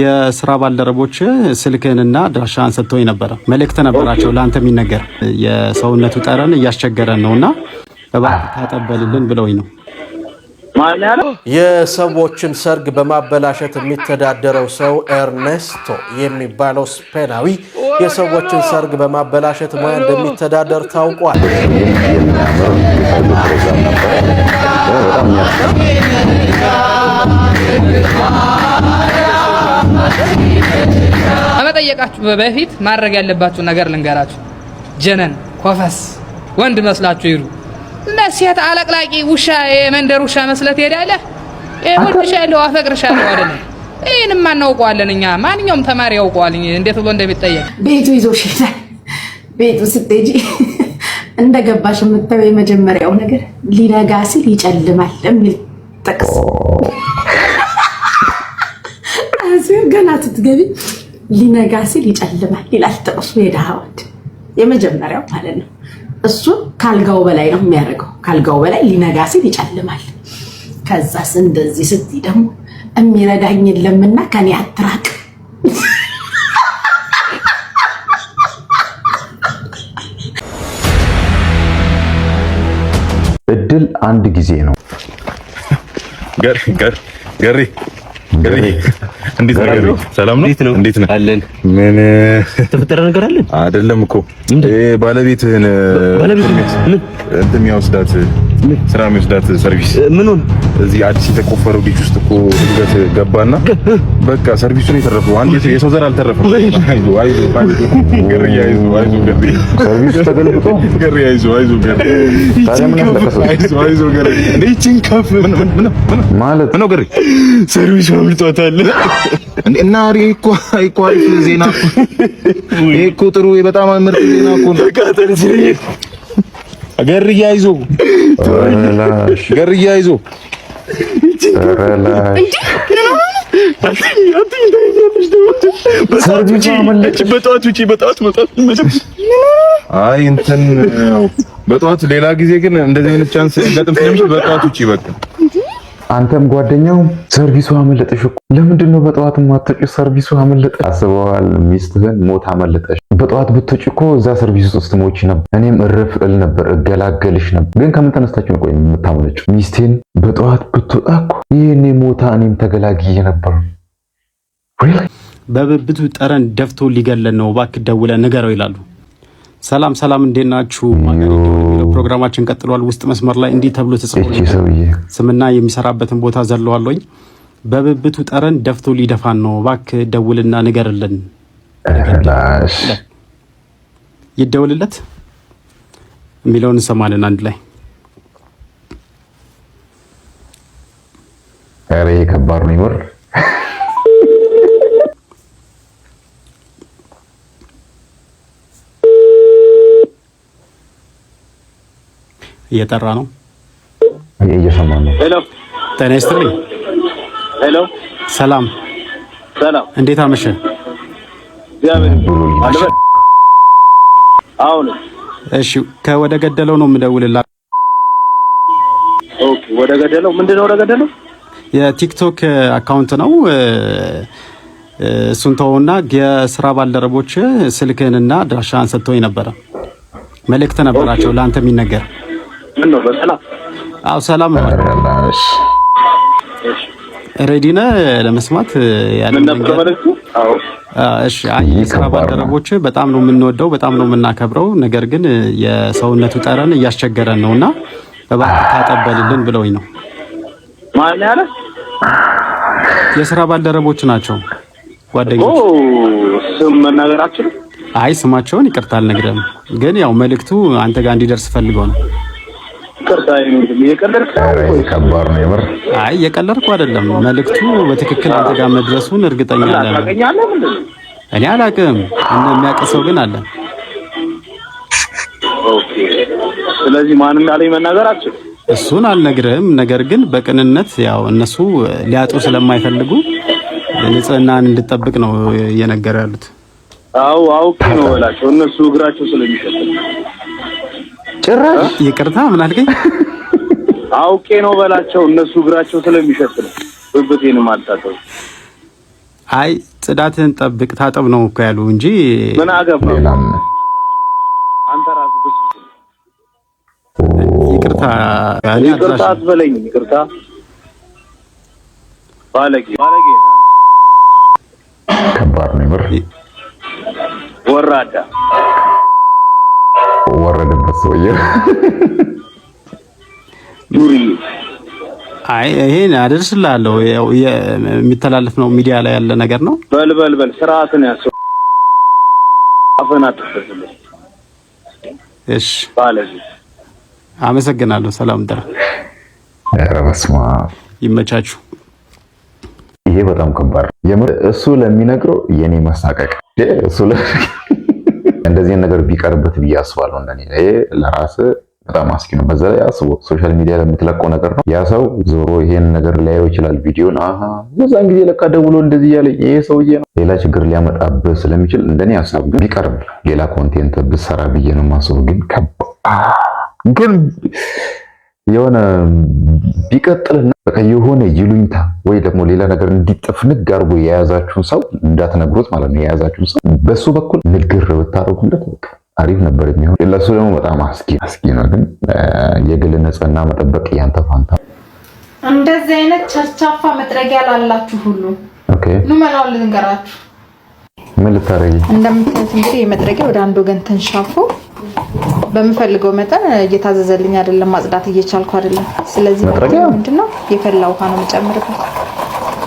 የስራ ባልደረቦች ስልክህንና አድራሻህን ሰጥተው ነበረ። መልእክት ነበራቸው ለአንተ የሚነገር የሰውነቱ ጠረን እያስቸገረን ነው እና እባክህ ታጠበልልን ብለውኝ ነው። የሰዎችን ሰርግ በማበላሸት የሚተዳደረው ሰው ኤርኔስቶ የሚባለው ስፔናዊ የሰዎችን ሰርግ በማበላሸት ሙያ እንደሚተዳደር ታውቋል። በጣም ከመጠየቃችሁ በፊት ማድረግ ያለባችሁ ነገር ልንገራችሁ። ጀነን ኮፈስ ወንድ መስላችሁ ይሩ እና ሴት አለቅላቂ ውሻ፣ የመንደር ውሻ መስለት ትሄዳለህ። እወድሻለሁ፣ አፈቅርሻለሁ አይደለም። ይህንም እናውቀዋለን እኛ፣ ማንኛውም ተማሪ ያውቀዋል እንዴት ብሎ እንደሚጠየቅ። ቤቱ ይዞ ይሄዳል። ቤቱ ስትሄጂ እንደገባሽ የምታየው የመጀመሪያው ነገር ሊነጋ ሲል ይጨልማል የሚል ጥቅስ ስትገቢ ሊነጋ ሲል ይጨልማል ይላል ጥቅሱ። የድሃ ወንድ የመጀመሪያው ማለት ነው። እሱን ካልጋው በላይ ነው የሚያደርገው። ካልጋው በላይ ሊነጋ ሲል ይጨልማል። ከዛስ እንደዚህ ስትይ ደግሞ የሚረዳኝ የለምና ከኔ አትራቅ እድል አንድ ጊዜ ነው። ገር ገር ገሪ ምን ተፈጠረ ነገር አይደለም እኮ ባለቤትህን እንትን የሚወስዳት ስራ የሚወስዳት ሰርቪስ ምን ሆነ? እዚህ አዲስ የተቆፈረው ልጅ ውስጥ እኮ ድንገት ገባና በቃ ሰርቪሱን የተረፈው አንድ የሰው ዘር አልተረፈም። ሰርቪሱ አምልጦታል እና እኮ አሪፍ ዜና እኮ ጥሩ በጣም ምርጥ ዜና እኮ ገርያ ይዞ ገርያ ይዞ አይ እንትን በጠዋት ሌላ ጊዜ ግን እንደዚህ አይነት ቻንስ ለጥም ስለምሽ በጠዋት ውጪ በቃ አንተም ጓደኛው ሰርቪሱ አመለጠሽ እኮ ለምንድን ነው በጠዋት ማትወጪው? ሰርቪሱ አመለጠሽ። አስበዋል። ሚስትህን ሞት አመለጠሽ። በጠዋት ብትወጪ እኮ እዛ ሰርቪስ ውስጥ ስትሞቺ ነበር። እኔም እርፍ እል ነበር፣ እገላገልሽ ነበር። ግን ከምን ተነስታችሁ ነው ቆይ የምታመለጭው? ሚስቴን በጠዋት ብትወጣ እኮ ይህኔ ሞታ እኔም ተገላግዬ ነበር። በብብቱ ጠረን ደፍቶ ሊገለን ነው፣ እባክህ ደውለህ ንገረው ይላሉ። ሰላም ሰላም፣ እንዴት ናችሁ? ፕሮግራማችን ቀጥሏል። ውስጥ መስመር ላይ እንዲህ ተብሎ ተጽፎ ስምና የሚሰራበትን ቦታ ዘለዋለኝ። በብብቱ ጠረን ደፍቶ ሊደፋን ነው። ባክ ደውልና ንገርልን። ይደውልለት የሚለውን እንሰማለን። አንድ ላይ ኧረ ከባድ ነው ይወር እየጠራ ነው። እየሰማ ነው። ሄሎ፣ ጤና ይስጥልኝ። ሄሎ፣ ሰላም ሰላም፣ እንዴት አመሸ? አሁን እሺ፣ ከወደ ገደለው ነው የምደውልልህ። ኦኬ፣ ወደ ገደለው ምንድን ነው? ወደ ገደለው የቲክቶክ አካውንት ነው። እሱን ተውና የስራ ባልደረቦች ስልክህንና አድራሻህን ሰጥተውኝ ነበረ። መልእክት ነበራቸው ለአንተ የሚነገር ምን ነው በሰላም ሰላም ነው። ሬዲ ነህ ለመስማት የስራ ባልደረቦች በጣም ነው የምንወደው፣ በጣም ነው የምናከብረው። ነገር ግን የሰውነቱ ጠረን እያስቸገረን ነውና እባክህ ታጠበልልን ብለውኝ ነው። ማን ያለ የስራ ባልደረቦች ናቸው ጓደኞች። ስም መናገራችን አይ ስማቸውን ይቅርታ አልነግረም፣ ግን ያው መልእክቱ አንተ ጋር እንዲደርስ ፈልገው ነው ከባድ ነው የምር። አይ የቀለድኩ አይደለም። መልእክቱ በትክክል አንተ ጋር መድረሱን እርግጠኛ ነኝ። እኔ አላውቅም፣ የሚያውቅ ሰው ግን አለ። ስለዚህ ማን እንዳለ መናገር አልችልም። እሱን አልነግርህም። ነገር ግን በቅንነት ያው እነሱ ሊያጡ ስለማይፈልጉ ንጽህናን እንድጠብቅ ነው እየነገሩ ያሉት። አው አውቄ ነው እላቸው እነሱ እግራቸው ስለሚሸጥ ጭራሽ ይቅርታ ምን አልከኝ? አውቄ ነው በላቸው። እነሱ እግራቸው ስለሚሸት ነው። ብብቴን ማጣጠው አይ ጽዳትን ጠብቅ ታጠብ ነው እኮ ያሉ እንጂ ምን አገባ አንተ ራስህ ብቻ። ይቅርታ ይቅርታ አትበለኝ። ይቅርታ ባለጌ ባለጌ ከባድ ነው። ወራዳ ሰውዬው አይ ይሄን አደርስላለሁ። የሚተላለፍ ነው፣ ሚዲያ ላይ ያለ ነገር ነው። በል በል በል ስርዓትን ያሰው አፈና ተፈጽሞ። እሺ አመሰግናለሁ። ሰላም ደራ ረበስማ ይመቻችሁ። ይሄ በጣም ከባድ የምር እሱ ለሚነግረው የኔ ማሳቀቅ እሱ እንደዚህ ነገር ቢቀርብት ብዬ አስባለሁ። እንደኔ ይሄ ለራስ በጣም አስኪ ነው። በዛ ላይ አስቦ ሶሻል ሚዲያ የምትለቀው ነገር ነው። ያ ሰው ዞሮ ይሄን ነገር ሊያየው ይችላል ቪዲዮን። አሃ የዛን ጊዜ ለካ ደውሎ እንደዚህ ያለኝ ይሄ ሰውዬ ነው፣ ሌላ ችግር ሊያመጣብህ ስለሚችል እንደኔ ሀሳብ ግን ቢቀርብ ሌላ ኮንቴንት ብሰራ ብዬ ነው ግን ከባ ግን የሆነ ቢቀጥልና በቃ የሆነ ይሉኝታ ወይ ደግሞ ሌላ ነገር እንዲጥፍንግ አድርጎ የያዛችሁን ሰው እንዳትነግሩት ማለት ነው። የያዛችሁን ሰው በሱ በኩል ንግር ብታደርጉለት በቃ አሪፍ ነበር የሚሆን። ለሱ ደግሞ በጣም አስጊ አስጊ ነው። ግን የግል ንጽህና መጠበቅ ያንተ ፋንታ። እንደዚህ አይነት ቸርቻፋ መጥረጊያ ላላችሁ ሁሉ ኑ መላውን ልንገራችሁ ምን ልታደርጊ? እንደምታዩት እንግዲህ የመጥረጊያ ወደ አንድ ወገን ተንሻፎ በምፈልገው መጠን እየታዘዘልኝ አይደለም፣ ማጽዳት እየቻልኩ አይደለም። ስለዚህ ምንድነው የፈላ ውሃ ነው የምጨምርበት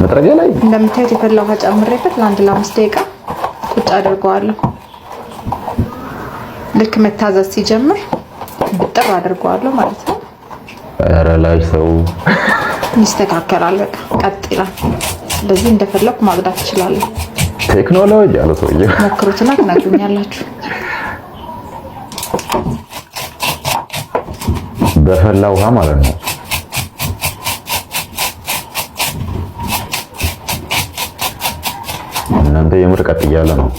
መጥረጊያ ላይ። እንደምታዩት የፈላ ውሃ ጨምሬበት ለአንድ ለአምስት ደቂቃ ቁጭ አድርገዋለሁ። ልክ መታዘዝ ሲጀምር ብጥር አድርገዋለሁ ማለት ነው። ኧረ ላይ ሰው ይስተካከላል፣ በቃ ቀጥ ይላል። ስለዚህ እንደፈለኩ ማጽዳት እችላለሁ። ቴክኖሎጂ አለ ሰውዬው። ሞክሩትና ትነግሩኛላችሁ። በፈላ ውሃ ማለት ነው። እናንተ የምር ቀጥ እያለ ነው።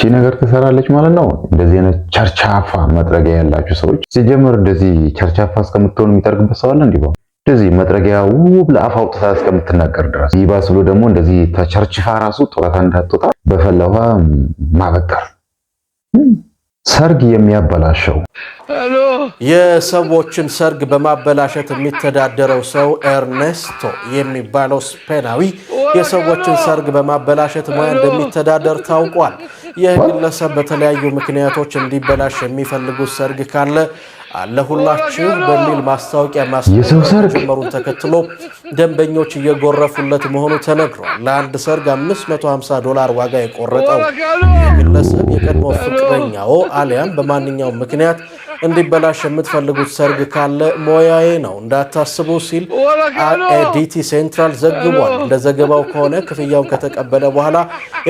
ቺ ነገር ትሰራለች ማለት ነው። እንደዚህ አይነት ቸርቻፋ መጥረጊያ ያላችሁ ሰዎች ሲጀምር እንደዚህ ቸርቻፋ እስከምትሆን የሚጠርግበት ሰው አለ እንደዚህ መጥረጊያ ውብ ለአፍ አውጥታ እስከምትናገር ድረስ። ይባስ ብሎ ደግሞ እንደዚህ ተቸርችፋ ራሱ ጡረታ እንዳትወጣ በፈላ ውሃ ማበጠር ሰርግ የሚያበላሸው የሰዎችን ሰርግ በማበላሸት የሚተዳደረው ሰው ኤርኔስቶ የሚባለው ስፔናዊ የሰዎችን ሰርግ በማበላሸት ሙያ እንደሚተዳደር ታውቋል። ይህ ግለሰብ በተለያዩ ምክንያቶች እንዲበላሽ የሚፈልጉት ሰርግ ካለ አለሁላችሁ በሚል ማስታወቂያ ማስጀመሩን ተከትሎ ደንበኞች እየጎረፉለት መሆኑ ተነግሯል። ለአንድ ሰርግ 550 ዶላር ዋጋ የቆረጠው ግለሰብ የቀድሞ ፍቅረኛው አሊያም በማንኛውም ምክንያት እንዲበላሽ የምትፈልጉት ሰርግ ካለ ሞያዬ ነው እንዳታስቡ ሲል ዲቲ ሴንትራል ዘግቧል። እንደ ዘገባው ከሆነ ክፍያውን ከተቀበለ በኋላ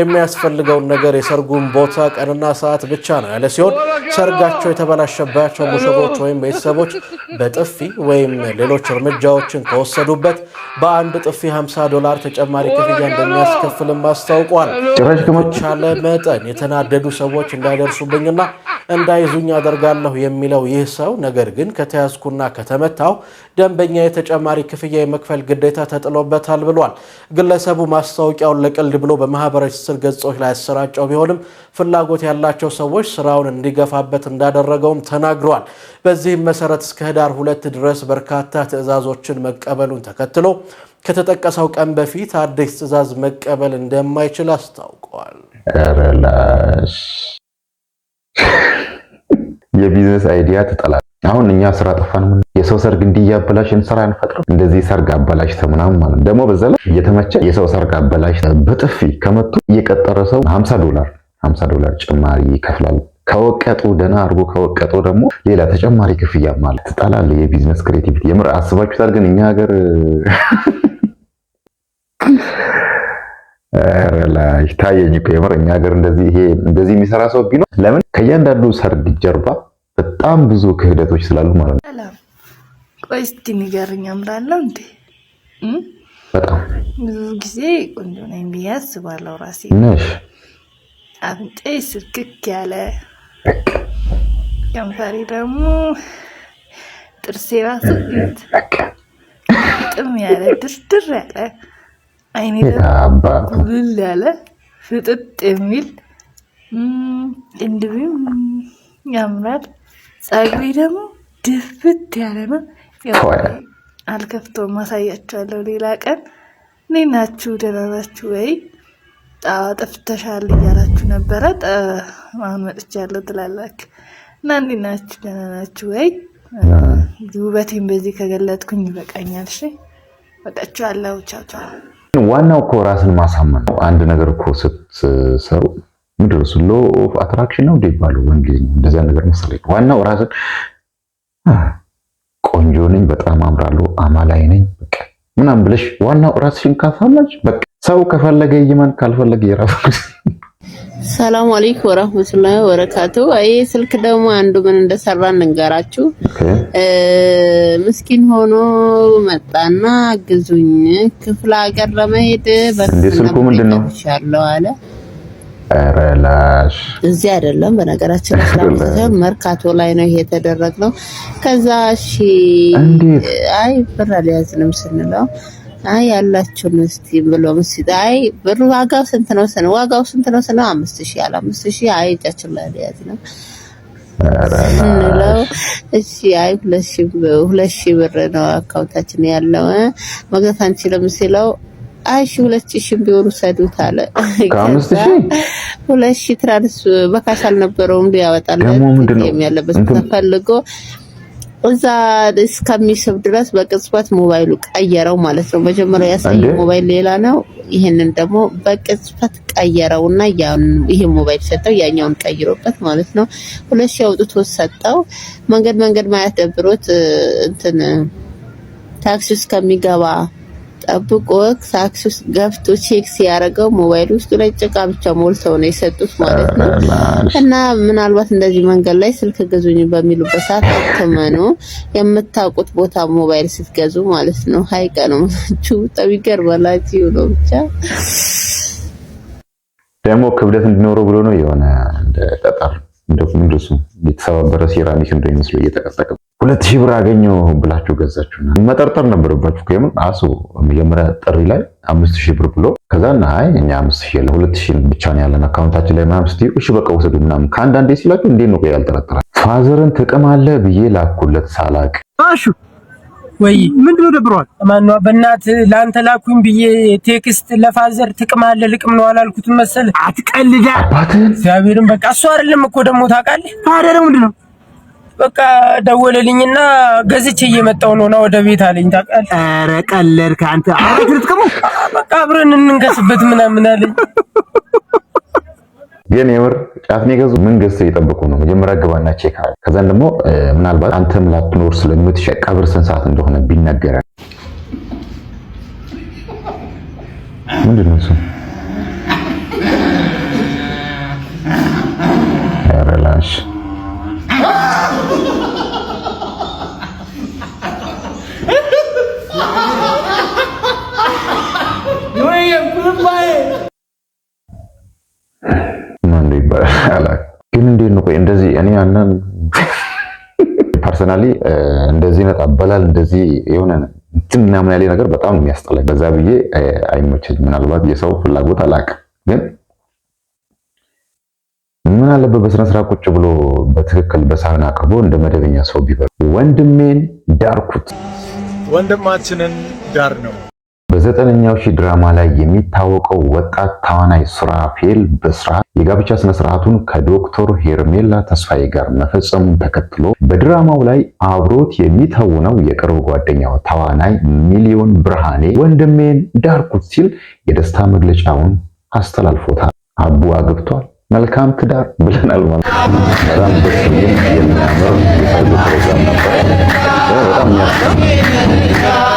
የሚያስፈልገውን ነገር የሰርጉን ቦታ ቀንና ሰዓት ብቻ ነው ያለ ሲሆን ሰርጋቸው የተበላሸባቸው ሙሽሮች ወይም ቤተሰቦች በጥፊ ወይም ሌሎች እርምጃዎችን ከወሰዱበት በአንድ ጥፊ 50 ዶላር ተጨማሪ ክፍያ እንደሚያስከፍልም አስታውቋል። ጭራሽ ከመቻለ መጠን የተናደዱ ሰዎች እንዳይደርሱብኝና እንዳይዙኝ አደርጋለሁ የሚለው ይህ ሰው ነገር ግን ከተያዝኩና ከተመታው ደንበኛ የተጨማሪ ክፍያ የመክፈል ግዴታ ተጥሎበታል ብሏል። ግለሰቡ ማስታወቂያውን ለቀልድ ብሎ በማህበራዊ ትስስር ገጾች ላይ ያሰራጨው ቢሆንም ፍላጎት ያላቸው ሰዎች ስራውን እንዲገፋበት እንዳደረገውም ተናግረዋል። በዚህም መሰረት እስከ ህዳር ሁለት ድረስ በርካታ ትዕዛዞችን መቀበሉን ተከትሎ ከተጠቀሰው ቀን በፊት አዲስ ትዕዛዝ መቀበል እንደማይችል አስታውቀዋል። የቢዝነስ አይዲያ ትጠላለህ። አሁን እኛ ስራ ጠፋን። ምን የሰው ሰርግ እንዲህ አበላሽን ስራ አንፈጥርም። እንደዚህ ሰርግ አበላሽ ምናምን ማለት ደግሞ በዛ ላይ እየተመቸ የሰው ሰርግ አበላሽ በጥፊ ከመቱ እየቀጠረ ሰው 50 ዶላር 50 ዶላር ጭማሪ ይከፍላል። ከወቀጡ ደና አድርጎ ከወቀጡ ደግሞ ሌላ ተጨማሪ ክፍያ ማለት ትጠላለህ። የቢዝነስ ክሬቲቪቲ የምር አስባችሁታል። ግን እኛ ሀገር ይታየኝ እኮ የምር እኛ ሀገር እንደዚህ ይሄ እንደዚህ የሚሰራ ሰው ቢኖር ለምን ከእያንዳንዱ ሰርግ ጀርባ በጣም ብዙ ክህደቶች ስላሉ ማለት ነው። ሰላም ቆይ እስቲ ንገረኝ፣ አምራለሁ እንዴ? በጣም ብዙ ጊዜ ቆንጆ ነኝ ብዬ አስባለሁ። ራሴ ነሽ አፍንጬ ስልክክ ያለ ከንፈሬ ደግሞ ጥርሴ ባስት ጥም ያለ ድርድር ያለ አይኔ ጉልል ያለ ፍጥጥ የሚል እንዲሁም ያምራል። ጸጉሬ ደግሞ ድፍት ያለ ነው። አልከፍቶም ማሳያችኋለሁ ሌላ ቀን። እንዴት ናችሁ? ደህና ናችሁ ወይ? ጠፍተሻል እያላችሁ ነበረ። አሁን መጥቻለሁ ትላላችሁ እና እንዴት ናችሁ? ደህና ናችሁ ወይ? ውበቴን በዚህ ከገለጥኩኝ ይበቃኛል። እሺ፣ እወጣችኋለሁ። ቻው ቻው ዋናው እኮ ራስን ማሳመን ነው። አንድ ነገር እኮ ስትሰሩ ምንድን ነው ሎ ኦፍ አትራክሽን ነው ይባለው በእንግሊዝኛ እንደዚያ ነገር መሰለኝ። ዋናው ራስን ቆንጆ ነኝ፣ በጣም አምራለሁ፣ አማላይ ነኝ በቃ ምናምን ብለሽ ዋናው ራስሽን ካሳመንሽ በቃ ሰው ከፈለገ ይመን ካልፈለገ የራሱ ሰላም አለይኩ ወራህመቱላሂ ወበረካቱ። አይ ስልክ ደግሞ አንዱ ምን እንደሰራ እንንገራችሁ። ምስኪን ሆኖ መጣና ግዙኝ ክፍለ ሀገር ለመሄድ ስልኩ ምንድነው ይሻለው አለ። ኧረ ላሽ እዚህ አይደለም። በነገራችን ላይ መርካቶ ላይ ነው ይሄ የተደረግነው። ከዛ እሺ አይ ብር አልያዝንም ስንለው አይ ያላችሁን እስቲ ብሎ ምስቲ አይ ብሩ ዋጋው ስንት ነው ስነ ዋጋው ስንት ነው ስነ አምስት ሺህ አለ አምስት ሺህ አይ እጃችን ላይ ያዝ ነው ስንለው እሺ አይ ሁለት ሺህ ሁለት ሺህ ብር ነው አካውንታችን ያለው መግዛት አንችልም ሲለው አይ ሺህ ሁለት ሺህ ቢሆን ውሰዱት አለ። ከአምስት ሺህ ሁለት ሺህ ትራንስ በካሽ አልነበረውም ነው የሚያለበት ተፈልጎ እዛ እስከሚስብ ድረስ በቅጽበት ሞባይሉ ቀየረው ማለት ነው። መጀመሪያ ያሳየ ሞባይል ሌላ ነው። ይህንን ደግሞ በቅጽበት ቀየረው እና ይህ ሞባይል ሰጠው፣ ያኛውን ቀይሮበት ማለት ነው። ሁለት ሺህ አውጥቶ ሰጠው። መንገድ መንገድ ማየት ደብሮት እንትን ታክሲ ውስጥ ከሚገባ ጠብቆ ሳክስ ውስጥ ገፍቶ ቼክ ሲያደርገው ሞባይል ውስጥ ላይ ጭቃ ብቻ ሞልተው ነው የሰጡት ማለት ነው። እና ምናልባት እንደዚህ መንገድ ላይ ስልክ ግዙኝ በሚሉበት ሰዓት አትመኑ። የምታውቁት ቦታ ሞባይል ስትገዙ ማለት ነው። ሀይቀ ነው ችሁ ጠብ ይገርመላችሁ ነው ብቻ ደግሞ ክብደት እንዲኖረው ብሎ ነው የሆነ እንደ ጠጠር እንደሱ የተሰባበረ ሴራሚክ እንዳይመስለው እየተቀጠቀ ሁለት ሺህ ብር አገኘው ብላችሁ ገዛችሁና መጠርጠር ነበረባችሁ። ከምን አሱ መጀመሪያ ጥሪ ላይ አምስት ሺህ ብር ብሎ ከዛን አይ እኛ አምስት ሺህ የለ ሁለት ሺህ ብቻ ነው ያለን አካውንታችን ላይ ምናምን ስትይው እሺ በቃ ውሰዱ ምናምን ከአንዳንዴ ሲላችሁ እንዴት ነው ያልጠረጠራል? ፋዘርን ትቅም ብዬ ላኩለት ሳላቅ አሹ ወይ ምንድነው ደብሯል? ማነው በእናት ለአንተ ላኩኝ ብዬ ቴክስት ለፋዘር ትቅማለ አለ ልቅም ነው መሰለ። መሰለህ? አትቀልዳ እግዚአብሔርን። በቃ እሱ አይደለም እኮ ደግሞ ታውቃለህ። ታዲያ ደግሞ ምንድነው? በቃ ደወለልኝና ገዝቼ እየመጣሁ ነው ነው ወደ ቤት አለኝ። ታውቃለህ። ኧረ ቀለድክ አንተ። አብረን እንንከስበት ምናምን አለኝ ግን የምር ጫትን የገዙ ምን ገዝተው እየጠበቁ ነው? መጀመሪያ ግባና ቼክ አለ። ከዛን ደግሞ ምናልባት አንተም ላትኖር ስለምትሸ ቀብር ስንት ሰዓት እንደሆነ ቢነገረ ምንድን ነው እሱ? ኧረ ማን ነው ይባላል። ግን እንዴት ነው ቆይ እንደዚህ እኔ ያንን ፐርሰናሊ እንደዚህ ነት አበላል እንደዚህ የሆነ እንትን ምናምን ያለ ነገር በጣም ነው የሚያስጠላኝ። በዛ ብዬ አይመቸኝ። ምናልባት የሰው ፍላጎት አላውቅም፣ ግን ምን አለበት በስነ ስርዓት ቁጭ ብሎ በትክክል በሳህን አቅርቦ እንደ መደበኛ ሰው ቢበሉ። ወንድሜን ዳርኩት። ወንድማችንን ዳር ነው በዘጠነኛው ሺህ ድራማ ላይ የሚታወቀው ወጣት ተዋናይ ሱራፌል በስራት የጋብቻ ስነ ስርዓቱን ከዶክተር ሄርሜላ ተስፋዬ ጋር መፈጸሙን ተከትሎ በድራማው ላይ አብሮት የሚተውነው የቅርብ ጓደኛው ተዋናይ ሚሊዮን ብርሃኔ ወንድሜን ዳርኩት ሲል የደስታ መግለጫውን አስተላልፎታል። አቡ አግብቷል፣ መልካም ትዳር ብለናል። በጣም ደስ የሚያምር የሰርግ ፕሮግራም ነበር። በጣም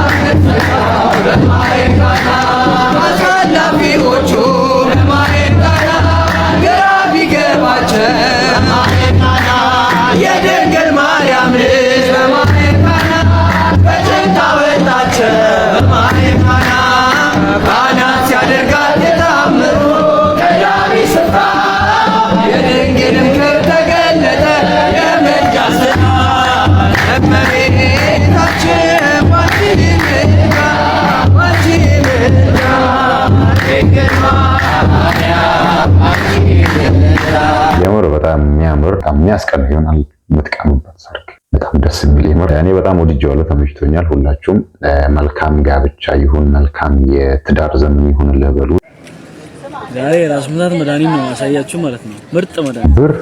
ይሆናል የምትቀኑበት ሰርግ። በጣም ደስ የሚል ይኖር። እኔ በጣም ወድጄዋለሁ፣ ተመችቶኛል። ሁላችሁም መልካም ጋብቻ ይሁን፣ መልካም የትዳር ዘመን ይሁን ለበሉ። ዛሬ ራስ ምታት መድኃኒት ነው ማሳያችሁ ማለት ነው። ምርጥ መድኃኒት ብር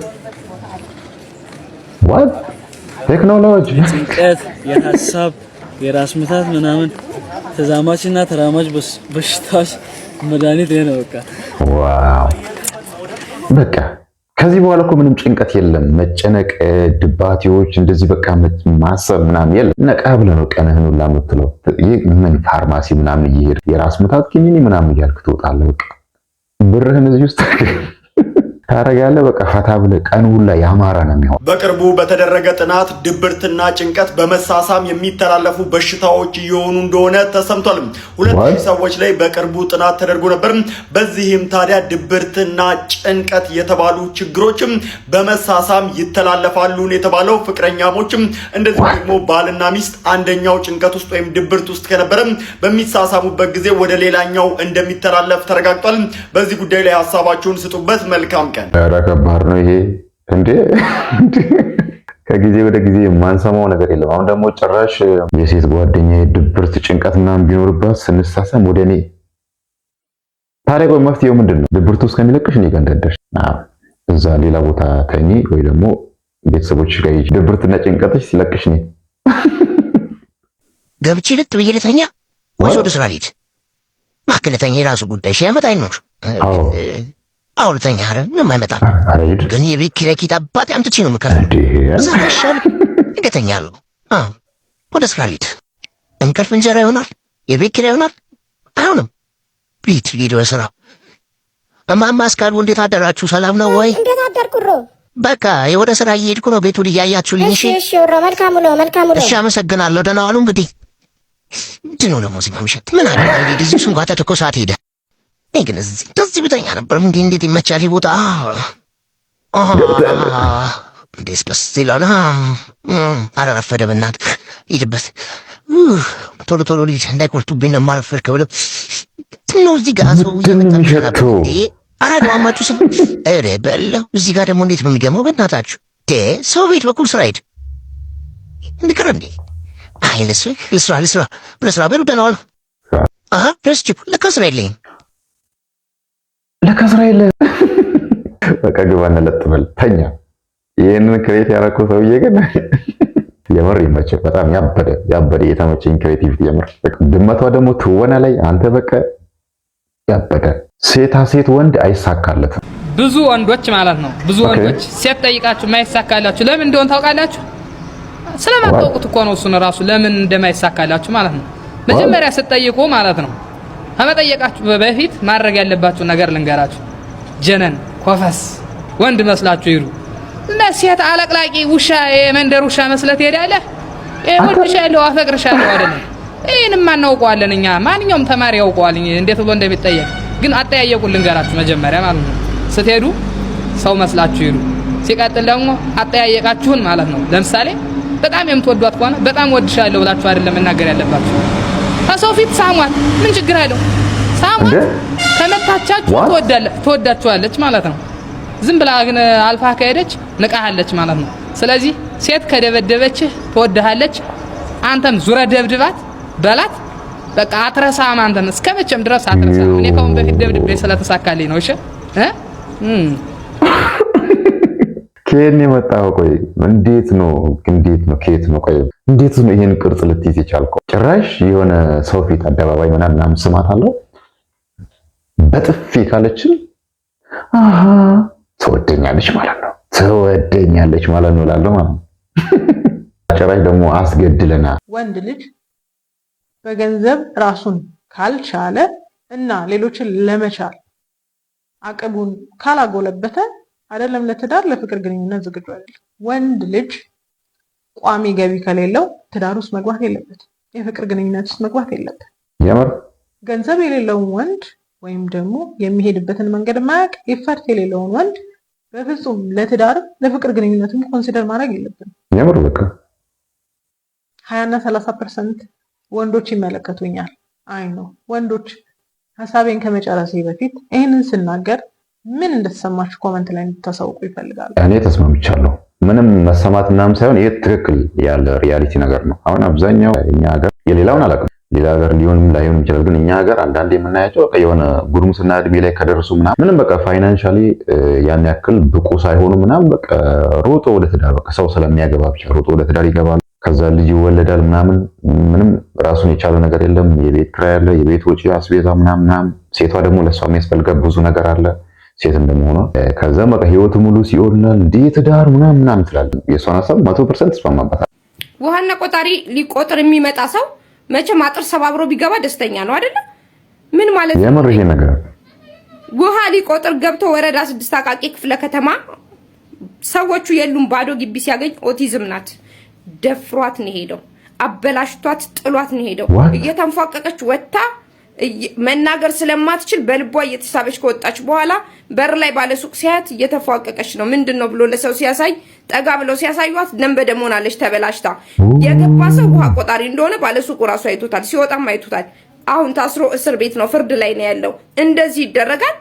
ዋት ቴክኖሎጂ የጭንቀት የሀሳብ የራስ ምታት ምናምን ተዛማችና ተራማጅ ተራማች በሽታዎች መድኃኒት ይሄ ነው በቃ ዋው በቃ ከዚህ በኋላ እኮ ምንም ጭንቀት የለም፣ መጨነቅ፣ ድባቴዎች እንደዚህ በቃ ማሰብ ምናምን የለም። ነቃ ብለህ ነው ቀንህን ሁላ የምትለው። ምን ፋርማሲ ምናምን እየሄድክ የራስ ምታት ኪኒኒ ምናምን እያልክ ትወጣለህ። በቃ ብርህን እዚህ ውስጥ ታደርጋለህ በቃ ፈታ ብለ ቀን ሁላ ያማረ ነው የሚሆን። በቅርቡ በተደረገ ጥናት ድብርትና ጭንቀት በመሳሳም የሚተላለፉ በሽታዎች እየሆኑ እንደሆነ ተሰምቷል። ሁለት ሰዎች ላይ በቅርቡ ጥናት ተደርጎ ነበር። በዚህም ታዲያ ድብርትና ጭንቀት የተባሉ ችግሮችም በመሳሳም ይተላለፋሉ የተባለው ፍቅረኛሞችም፣ እንደዚህ ደግሞ ባልና ሚስት አንደኛው ጭንቀት ውስጥ ወይም ድብርት ውስጥ ከነበረ በሚሳሳሙበት ጊዜ ወደ ሌላኛው እንደሚተላለፍ ተረጋግጧል። በዚህ ጉዳይ ላይ ሀሳባችሁን ስጡበት። መልካም ቀን። ኧረ ከባድ ነው ይሄ እንዴ! ከጊዜ ወደ ጊዜ የማንሰማው ነገር የለም። አሁን ደግሞ ጭራሽ የሴት ጓደኛ የድብርት ጭንቀት ምናምን ቢኖርባት ስንሳሰም ወደ እኔ ታዲያ ቆይ መፍትሄው ምንድን ነው? ድብርቱ ውስጥ ከሚለቅሽ እኔ ጋር እንዳትደርሽ እዛ ሌላ ቦታ ተኚ፣ ወይ ደግሞ ቤተሰቦች ጋር ሂጂ። ድብርትና ጭንቀትሽ ሲለቅሽ እኔ ገብቼ ልት ብዬ ልተኛ ወይስ ወደ ስራ ልሂድ? ማክለተኛ የራሱ ጉዳይ ሺ ዓመት አይኖር አውርተኛ ረ ምንም አይመጣም። ግን የቤት ኪራይ አባቴ አምጥቼ ነው የምከፍለው። እዛ ይሻል ወደ ስራ ልሂድ። እንቅልፍ እንጀራ ይሆናል፣ የቤት ኪራይ ይሆናል። አይሆንም። ቤት እማማ አስካሉ እንዴት አደራችሁ? ሰላም ነው ወይ? እንዴት አደርኩ? በቃ ስራ እየሄድኩ ነው። ቤቱን እሺ፣ ነው፣ ነው። እሺ፣ አመሰግናለሁ። ደህና ዋሉ። እንግዲህ ድኖ ለሞዚ ማምሸት ምን አለ? ሰዓት ሄደ። እኔ ግን እዚህ እንደዚህ ብተኛ ነበር። እንዴ እንዴት ይመቻል ቦታ! እንዴት ደስ ይላል! አረረፈደ። በእናትህ ሂድበት፣ ቶሎ ቶሎ ልጅ እንዳይቆርጡብኝ ነው የማረፈድ ከብለ ነው እዚህ ጋር ሰው አራግማማችሁ ስ ኧረ በለው። እዚህ ጋር ደግሞ እንዴት ነው የሚገመው? በእናታችሁ ሰው ቤት በኩል ስራ ሂድ እንድቅር እንዴ አይ ልስራ ልስራ ብለህ በሉ ደህና ዋል ረስቼ ለካ ስራ የለኝም ለካ ስራ የለ በቃ ግባ እንለጥበል ተኛ። ይህንን ክሬት ያረኩ ሰውዬ ግን የምር ይመችህ። በጣም ያበደ ያበደ የተመቸኝ ክሬቲቪቲ የምር ድመቷ ደግሞ ትወና ላይ አንተ በቃ ያበደ ሴታ ሴት ወንድ አይሳካለትም። ብዙ ወንዶች ማለት ነው ብዙ ወንዶች ሴት ጠይቃችሁ ማይሳካላችሁ ለምን እንደሆነ ታውቃላችሁ? ስለማታውቁት እኮ ነው እሱን ራሱ ለምን እንደማይሳካላችሁ ማለት ነው መጀመሪያ ስትጠይቁ ማለት ነው ከመጠየቃችሁ በፊት ማድረግ ያለባችሁ ነገር ልንገራችሁ። ጀነን ኮፈስ ወንድ መስላችሁ ይሉ እና ሴት አለቅላቂ ውሻ፣ የመንደር ውሻ መስለ ትሄዳለህ። እወድሻለሁ፣ አፈቅርሻለሁ አይደለም። ይህንም እናውቀዋለን እኛ፣ ማንኛውም ተማሪ ያውቀዋል እንዴት ብሎ እንደሚጠየቅ። ግን አጠያየቁን ልንገራችሁ መጀመሪያ ማለት ነው። ስትሄዱ ሰው መስላችሁ ይሉ፣ ሲቀጥል ደግሞ አጠያየቃችሁን ማለት ነው። ለምሳሌ በጣም የምትወዷት ከሆነ በጣም ወድሻለሁ ብላችሁ አይደለም መናገር ያለባችሁ ከሰው ፊት ሳሟት ምን ችግር አለው? ሳሟት ከመታቻችሁ ትወዳችኋለች ማለት ነው። ዝም ብላ ግን አልፋ ከሄደች ንቃሃለች ማለት ነው። ስለዚህ ሴት ከደበደበችህ ትወድሃለች። አንተም ዙረ ደብድባት በላት። በቃ አትረሳም። አንተም እስከ መቼም ድረስ አትረሳም። እኔ ከሁን በፊት ደብድቤ ስለተሳካልኝ ነው። እሺ እ ከየት ነው የመጣው? ቆይ እንዴት ነው እንዴት ነው ከየት ነው ቆይ እንዴት ነው ይሄን ቅርጽ ልትይዝ የቻልከው? ጭራሽ የሆነ ሰው ፊት አደባባይ ምናምን ምናምን ስማት አለው በጥፊ ካለችን አሃ ትወደኛለች ማለት ነው ትወደኛለች ማለት ነው እላለሁ ማለት ነው። ጭራሽ ደግሞ አስገድለና ወንድ ልጅ በገንዘብ ራሱን ካልቻለ እና ሌሎችን ለመቻል አቅሙን ካላጎለበተ አይደለም ለትዳር ለፍቅር ግንኙነት ዝግጁ አይደለም። ወንድ ልጅ ቋሚ ገቢ ከሌለው ትዳር ውስጥ መግባት የለበት፣ የፍቅር ግንኙነት ውስጥ መግባት የለበት። ገንዘብ የሌለውን ወንድ ወይም ደግሞ የሚሄድበትን መንገድ ማያቅ ኢፈርት የሌለውን ወንድ በፍጹም ለትዳር ለፍቅር ግንኙነትም ኮንሲደር ማድረግ የለብን። የምር በቃ ሀያና ሰላሳ ፐርሰንት ወንዶች ይመለከቱኛል። አይ ነው ወንዶች ሀሳቤን ከመጨረሴ በፊት ይህንን ስናገር ምን እንደተሰማችሁ ኮመንት ላይ እንድታሳውቁ ይፈልጋሉ። እኔ ተስማምቻለሁ። ምንም መሰማት ምናምን ሳይሆን ይህ ትክክል ያለ ሪያሊቲ ነገር ነው። አሁን አብዛኛው እኛ ሀገር የሌላውን አላውቅም፣ ሌላ ሀገር ሊሆንም ላይሆን ይችላል። ግን እኛ ሀገር አንዳንድ የምናያቸው የሆነ ጉርምስና እድሜ ላይ ከደረሱ ምናምን ምንም በቃ ፋይናንሻሊ ያን ያክል ብቁ ሳይሆኑ ምናምን በቃ ሮጦ ወደ ትዳር በቃ ሰው ስለሚያገባ ብቻ ሮጦ ወደ ትዳር ይገባሉ። ከዛ ልጅ ይወለዳል ምናምን ምንም ራሱን የቻለ ነገር የለም። የቤት ኪራይ አለ፣ የቤት ወጪ አስቤዛ ምናምን ምናምን። ሴቷ ደግሞ ለእሷ የሚያስፈልጋት ብዙ ነገር አለ ሴት እንደመሆኗ ከዛም በቃ ህይወቱ ሙሉ ሲኦልናል እንዲህ ትዳር ምናምን ምናምን ትላለህ። የእሷን ሀሳብ መቶ ፐርሰንት ትስማማበታለህ። ውሃና ቆጣሪ ሊቆጥር የሚመጣ ሰው መቼም አጥር ሰባብሮ ቢገባ ደስተኛ ነው አይደለ? ምን ማለት ይሄ ነገር ውሃ ሊቆጥር ገብቶ ወረዳ ስድስት አቃቂ ክፍለ ከተማ ሰዎቹ የሉም ባዶ ግቢ ሲያገኝ ኦቲዝም ናት ደፍሯት ነው ሄደው አበላሽቷት ጥሏት ነው ሄደው እየተንፏቀቀች ወጥታ መናገር ስለማትችል በልቧ እየተሳበች ከወጣች በኋላ በር ላይ ባለሱቅ ሲያያት እየተፏቀቀች ነው። ምንድን ነው ብሎ ለሰው ሲያሳይ ጠጋ ብለው ሲያሳዩት ደም በደም ሆናለች ተበላሽታ። የገባ ሰው ውሃ ቆጣሪ እንደሆነ ባለሱቁ ራሱ አይቶታል፣ ሲወጣም አይቶታል። አሁን ታስሮ እስር ቤት ነው፣ ፍርድ ላይ ነው ያለው። እንደዚህ ይደረጋል።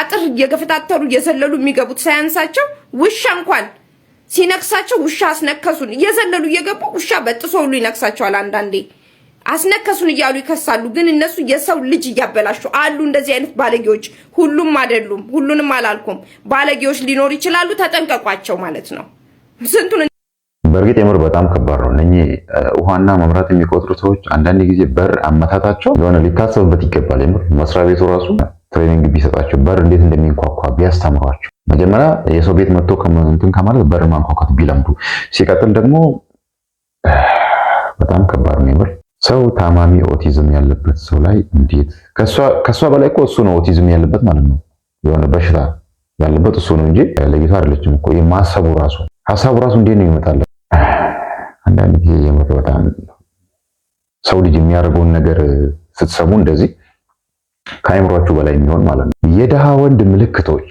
አጥር እየገፈታተሩ እየዘለሉ የሚገቡት ሳያንሳቸው ውሻ እንኳን ሲነክሳቸው ውሻ አስነከሱን እየዘለሉ እየገቡ ውሻ በጥሶ ሁሉ ይነክሳቸዋል አንዳንዴ አስነከሱን እያሉ ይከሳሉ። ግን እነሱ የሰው ልጅ እያበላሹ አሉ። እንደዚህ አይነት ባለጌዎች ሁሉም አይደሉም፣ ሁሉንም አላልኩም። ባለጌዎች ሊኖሩ ይችላሉ፣ ተጠንቀቋቸው ማለት ነው። ስንቱን በእርግጥ የምር በጣም ከባድ ነው። እነኚህ ውሃና መምራት የሚቆጥሩ ሰዎች አንዳንድ ጊዜ በር አመታታቸው የሆነ ሊታሰብበት ይገባል። የምር መስሪያ ቤቱ ራሱ ትሬኒንግ ቢሰጣቸው በር እንዴት እንደሚንኳኳ ቢያስተምሯቸው፣ መጀመሪያ የሰው ቤት መጥቶ ከመንትን ከማለት በር ማንኳኳት ቢለምዱ፣ ሲቀጥል ደግሞ በጣም ከባድ ነው የምር ሰው ታማሚ ኦቲዝም ያለበት ሰው ላይ እንዴት ከእሷ በላይ እኮ እሱ ነው ኦቲዝም ያለበት ማለት ነው። የሆነ በሽታ ያለበት እሱ ነው እንጂ ለይቷ አይደለችም እኮ ማሰቡ ራሱ ሀሳቡ ራሱ እንዴት ነው ይመጣለ? አንዳንድ ጊዜ የምር በጣም ሰው ልጅ የሚያደርገውን ነገር ስትሰሙ እንደዚህ ከአይምሯችሁ በላይ የሚሆን ማለት ነው። የድሃ ወንድ ምልክቶች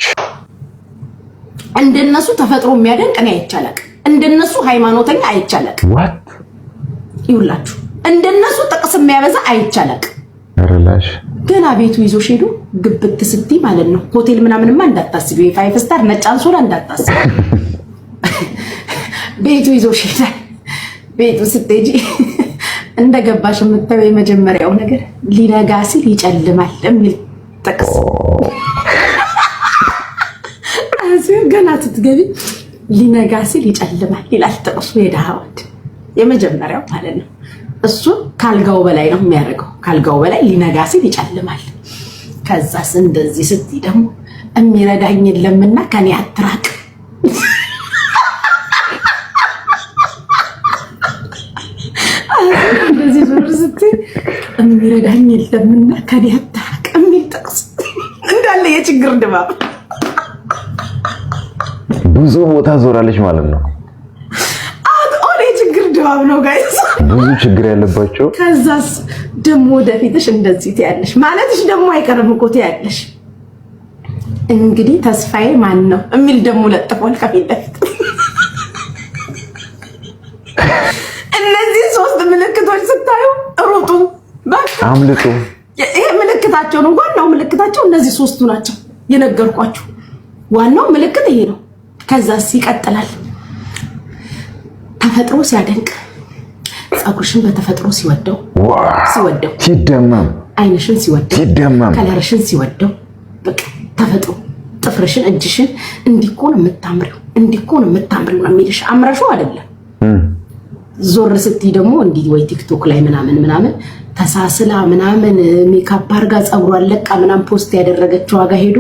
እንደነሱ ተፈጥሮ የሚያደንቅ እኔ አይቻለቅ እንደነሱ ሃይማኖተኛ አይቻለቅ ዋት ይውላችሁ እንደነሱ ጥቅስ የሚያበዛ አይቻለቅ ረላሽ ገና ቤቱ ይዞ ሄዱ ግብት ስቲ ማለት ነው። ሆቴል ምናምንማ እንዳታስቢ፣ የፋይፍ ስታር ነጭ አንሶላ እንዳታስቢ። ቤቱ ይዞ ሄዳል። ቤቱ ስትሄጂ እንደገባሽ የምታየው የመጀመሪያው ነገር ሊነጋ ሲል ይጨልማል የሚል ጥቅስ ሲሆን ገና ስትገቢ ሊነጋ ሲል ይጨልማል ይላል ጥቅሱ። የድሃ የመጀመሪያው ማለት ነው። እሱን ካልጋው በላይ ነው የሚያደርገው። ካልጋው በላይ ሊነጋ ሲል ይጨልማል። ከዛስ እንደዚህ ስትይ ደግሞ የሚረዳኝ የለምና ከኔ አትራቅ። እንደዚህ ዞር ስትይ የሚረዳኝ የለምና ከኔ አትራቅ የሚል ጥቅስ እንዳለ የችግር ድባብ ብዙ ቦታ ዞራለች ማለት ነው። ድባብ ነው ጋይስ። ብዙ ችግር ያለባቸው ከዛስ ደግሞ ወደፊትሽ እንደዚህ ትያለሽ ማለትሽ ደግሞ አይቀርም እኮ ትያለሽ። እንግዲህ ተስፋዬ ማን ነው የሚል ደግሞ ለጥፏል ከፊት ለፊት። እነዚህ ሶስት ምልክቶች ስታዩ ሩጡ፣ አምልጡ። ይሄ ምልክታቸው ነው። ዋናው ምልክታቸው እነዚህ ሶስቱ ናቸው የነገርኳችሁ። ዋናው ምልክት ይሄ ነው። ከዛስ ይቀጥላል በተፈጥሮ ሲያደንቅ ፀጉርሽን በተፈጥሮ ሲወደው ሲወደው ሲደመም አይንሽን ሲወደው ሲደመም ከለርሽን ሲወደው በቃ ተፈጥሮ ጥፍርሽን፣ እጅሽን እንዲኮን የምታምሪው እንዲኮን የምታምሪው ነው የሚልሽ። አምረሹ አይደለም ዞር ስትይ ደግሞ እንዲህ ወይ ቲክቶክ ላይ ምናምን ምናምን ተሳስላ ምናምን ሜካፕ አርጋ ፀጉሯን ለቃ ምናምን ፖስት ያደረገችው ዋጋ ሄዶ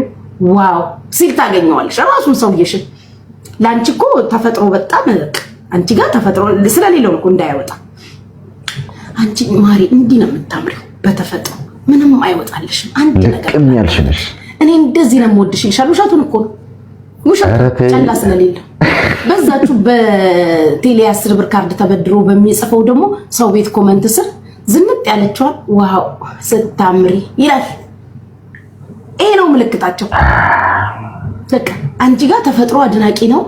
ዋው ሲል ታገኘዋለሽ ራሱን ሰውየሽን። ለአንቺ እኮ ተፈጥሮ በጣም አንቺ ጋር ተፈጥሮ ስለሌለው እኮ እንዳይወጣ። አንቺ ማሪ እንዲህ ነው የምታምሪው በተፈጥሮ ምንም አይወጣልሽም። አንድ ነገር ያልሽ ነሽ። እኔ እንደዚህ ነው የምወድሽ ይልሻል። ውሸቱን እኮ ነው ውሸት ጨላ ስለሌለው በዛችሁ በቴሌ አስር ብር ካርድ ተበድሮ በሚጽፈው ደግሞ ሰው ቤት ኮመንት ስር ዝንጥ ያለችዋል ዋው ስታምሪ ይላል። ይሄ ነው ምልክታቸው። በቃ አንቺ ጋር ተፈጥሮ አድናቂ ነው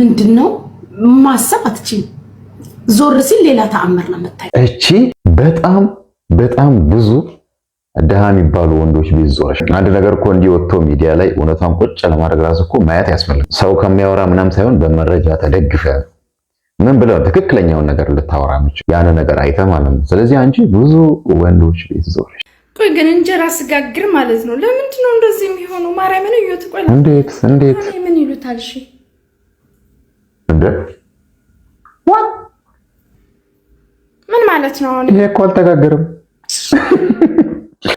ምንድን ነው ማሰብ አትችም። ዞር ሲል ሌላ ተአምር ነው የምታየው። እቺ በጣም በጣም ብዙ ደሃ የሚባሉ ወንዶች ቤት ዞረሽ። አንድ ነገር እኮ እንዲህ ወጥቶ ሚዲያ ላይ እውነቷን ቁጭ ለማድረግ ራስ እኮ ማየት ያስፈልግ። ሰው ከሚያወራ ምናም ሳይሆን በመረጃ ተደግፈ ምን ብለው ትክክለኛውን ነገር ልታወራ ምች ያን ነገር አይተ ማለት ነው። ስለዚህ አንቺ ብዙ ወንዶች ቤት ዞረሽ። ቆይ ግን እንጀራ ስጋግር ማለት ነው። ለምንድነው እንደዚህ የሚሆነው? ማርያምን እዩት። ቆይ እንዴት እንዴት ምን ይሉታል? እንደ ምን ማለት ነው? ይሄ እኮ አልተጋገርም።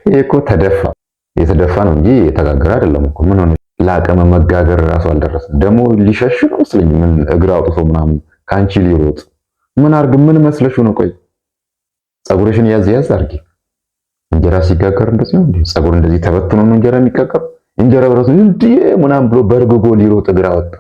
ይሄ እኮ ተደፋ የተደፋ ነው እንጂ የተጋገረ አይደለም እኮ። ምን ሆነ? ለአቅመ መጋገር እራሱ አልደረሰም። ደግሞ ሊሸሽ ነው መስለኝ። ምን እግር አውጥቶ ምናምን ከአንቺ ሊሮጥ ምን አርግ? ምን መስለሽ ነው? ቆይ ፀጉርሽን ያዝ ያዝ አርጊ። እንጀራ ሲጋገር እንደዚህ ነው። ፀጉር እንደዚህ ተበትኖ ነው እንጀራ የሚጋገር። እንጀራ በራሱ ምናምን ብሎ በርግጎ ሊሮጥ እግር አወጣ።